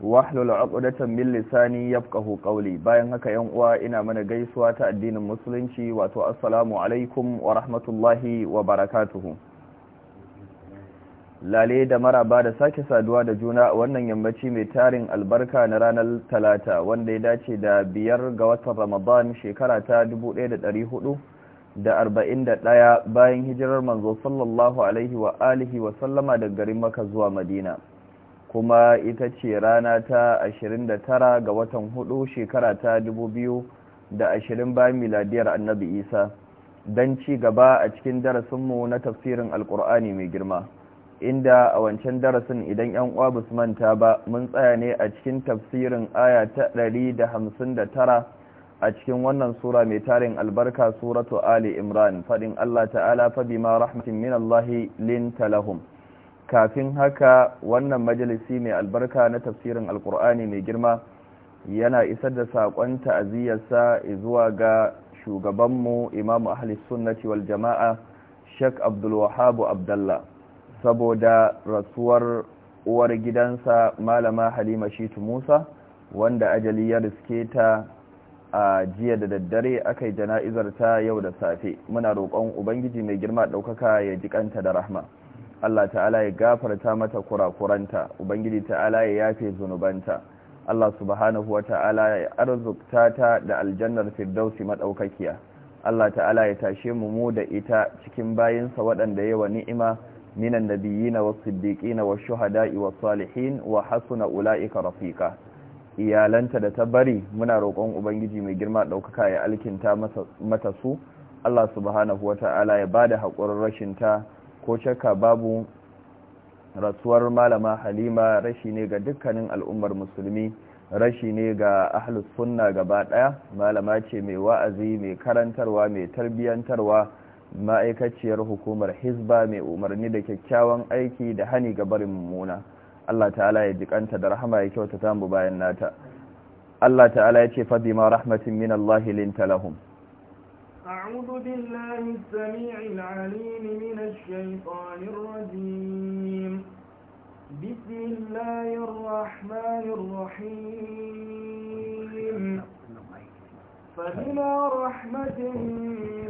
wahlul uqdatan min lisani yafqahu qawli bayan haka yan uwa ina mana gaisuwa ta addinin musulunci wato assalamu alaikum wa rahmatullahi wa barakatuhu lale da maraba da sake saduwa da juna wannan yammaci mai tarin albarka na ranar talata wanda ya dace da biyar ga watan ramadan shekara ta 1441 da da ɗaya bayan hijirar manzo sallallahu alaihi wa alihi wa sallama daga garin maka zuwa madina kuma ita ce rana ta 29 ga watan hudu shekara ta 2020 bayan miladiyar annabi isa don ci gaba a cikin darasinmu na tafsirin alkur'ani mai girma inda a wancan darasin idan yan uwa basu manta ba mun tsaya ne a cikin tafsirin aya ta 159 a cikin wannan sura mai tarin albarka suratu ali imran fadin Allah ta'ala fa ma rahmatin min Allah kafin haka wannan majalisi mai albarka na tafsirin alkur'ani mai girma yana isar da saƙon ta'aziyyarsa zuwa ga shugabanmu imamu ahli sunnati wal jama'a shek abdulwahabu abdallah saboda rasuwar uwar gidansa malama halima shitu musa wanda ajali ya riske ta a jiya da daddare aka yi jana'izar ta yau da safe muna roƙon ubangiji mai girma ɗaukaka ya ji kanta da rahma Allah ta'ala ya gafarta mata kurakuranta ubangiji ta'ala ya yafe zunubanta Allah subhanahu wa ta'ala ya arzukta ta da aljannar firdausi madaukakiya Allah ta'ala ya tashe mu mu da ita cikin bayinsa waɗanda yawa ni'ima minan nabiyina was-siddiqina was shuhadai was-salihin wa hasuna ula'ika rafiqa iyalanta da ta bari muna roƙon ubangiji mai girma ɗaukaka ya alkinta mata su Allah subhanahu wa ta'ala ya bada haƙurin rashin ta ko shakka babu rasuwar malama halima rashi ne ga dukkanin al'ummar musulmi rashi ne ga ahlus sunna gaba daya malama ce mai wa'azi mai karantarwa mai tarbiyantarwa ma'aikaciyar hukumar hizba mai umarni da kyakkyawan aiki da hani ga barin mummuna Allah ta'ala ya jikanta da rahama ya kyauta mu bayan nata Allah ta'ala ya ce fa bima rahmatin min Allah lahum أعوذ بالله السميع العليم من الشيطان الرجيم بسم الله الرحمن الرحيم فبما رحمة